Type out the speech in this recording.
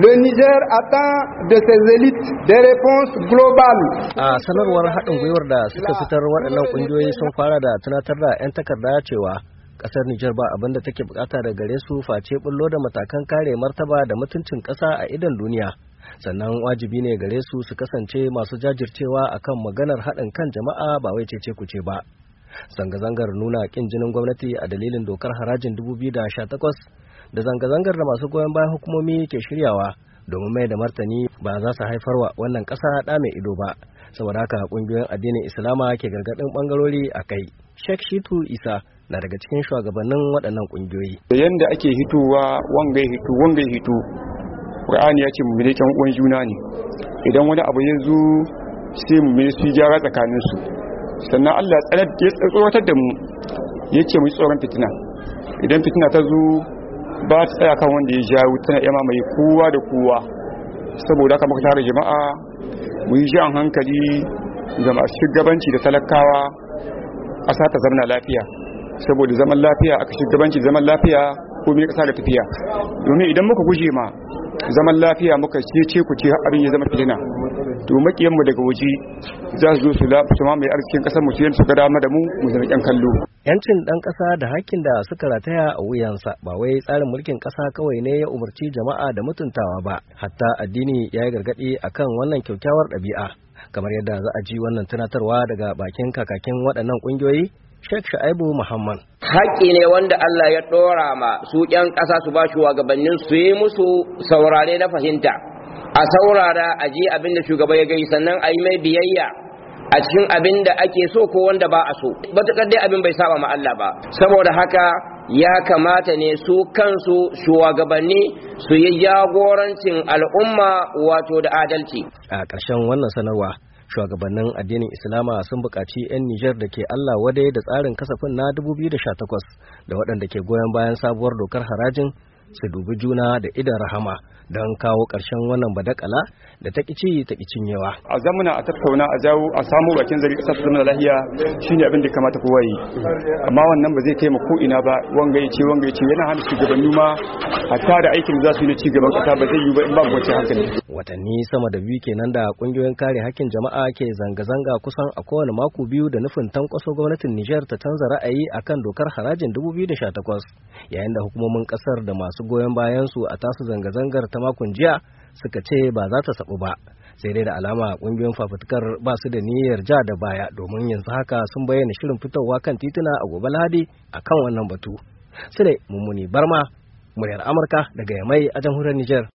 Le Niger attend de ses élites des réponses globales. A sanarwar haɗin gwiwar da suka fitar waɗannan ƙungiyoyi sun fara da tunatar da 'yan takarda cewa ƙasar Nijar ba abin da take bukata da gare su face bullo da matakan kare martaba da mutuncin ƙasa a idon duniya. Sannan wajibi ne gare su su kasance masu jajircewa akan maganar haɗin kan jama'a ba wai cece kuce ba. Zanga-zangar nuna ƙin jinin gwamnati a dalilin dokar harajin 2018 da zanga-zangar da masu goyon bayan hukumomi ke shiryawa domin mai da martani ba za su haifar wa wannan ƙasa ɗa mai ido ba saboda haka ƙungiyoyin addinin islama ke gargaɗin ɓangarori a kai sheikh shitu isa na daga cikin shugabannin waɗannan ƙungiyoyi da yadda ake hitowa wanga hito wanga hito ƙur'ani ya ce mu can kan uwan juna ne idan wani abu ya zo sai mu su gyara tsakanin sannan Allah ya tsoratar da mu ya ce mu yi tsoron fitina idan fitina ta zo ba ta tsaya kan wanda ya jawo tana yama mai kowa da kowa saboda haka muka tara jama'a mu yi jan hankali ga masu shugabanci da talakawa a sata zamana lafiya saboda zaman lafiya aka shugabanci zaman lafiya ko mai kasa da tafiya domin idan muka guje ma zaman lafiya muka ce ku ce abin ya zama fitina to makiyanmu daga waje za su zo su su mamaye arzikin kasar mu sai suka dama da mu mu zama yan kallo yancin ɗan ƙasa da hakkin da suka rataya a wuyansa ba wai tsarin mulkin ƙasa kawai ne ya umarci jama'a da mutuntawa ba hatta addini ya yi gargadi akan wannan kyakkyawar ɗabi'a kamar yadda za a ji wannan tunatarwa daga bakin kakakin waɗannan ƙungiyoyi Sheikh Shaibu Muhammad. Haƙƙi ne wanda Allah ya ɗora ma su ƴan ƙasa su ba wa su yi musu saurare na fahimta. a saurara a ji abin da shugaba ya gai sannan a yi mai biyayya a cikin abin da ake so ko wanda ba a so matuƙar dai abin bai saba ma Allah ba saboda haka ya kamata ne su kansu shugabanni su yi jagorancin al'umma wato da adalci a ƙarshen wannan sanarwa shugabannin addinin islama sun buƙaci 'yan nijar da ke allah wadai da tsarin kasafin na 2018 da waɗanda ke goyon bayan sabuwar dokar harajin su dubi juna da idan rahama don kawo ƙarshen wannan badakala da ta ƙici ta ƙicin yawa. A zamana a tattauna a jawo a samu bakin zari ƙasar su zama lahiya shine abin da kamata kowa yi. Amma wannan ba zai kai ina ba wanga ya ce wanga ya ce yana hana shugabanni ma a tara aikin za su yi na cigaban ƙasa ba zai yi ba in ba mu wace hankali. watanni sama da biyu kenan da kungiyoyin kare hakkin jama'a ke zanga-zanga kusan a kowane mako biyu da nufin tankwaso gwamnatin Nijar ta canza ra'ayi a kan dokar harajin 2018 yayin da hukumomin kasar da masu goyon bayan su a tasu zanga-zangar ta makon jiya suka ce ba za ta sabu ba sai dai da alama kungiyoyin fafutukar ba su da niyyar ja da baya domin yanzu haka sun bayyana shirin fitowa kan tituna a gobe Lahadi kan wannan batu. Sule Mummuni Barma, muryar Amurka daga Yamai a jamhuriyar Nijar.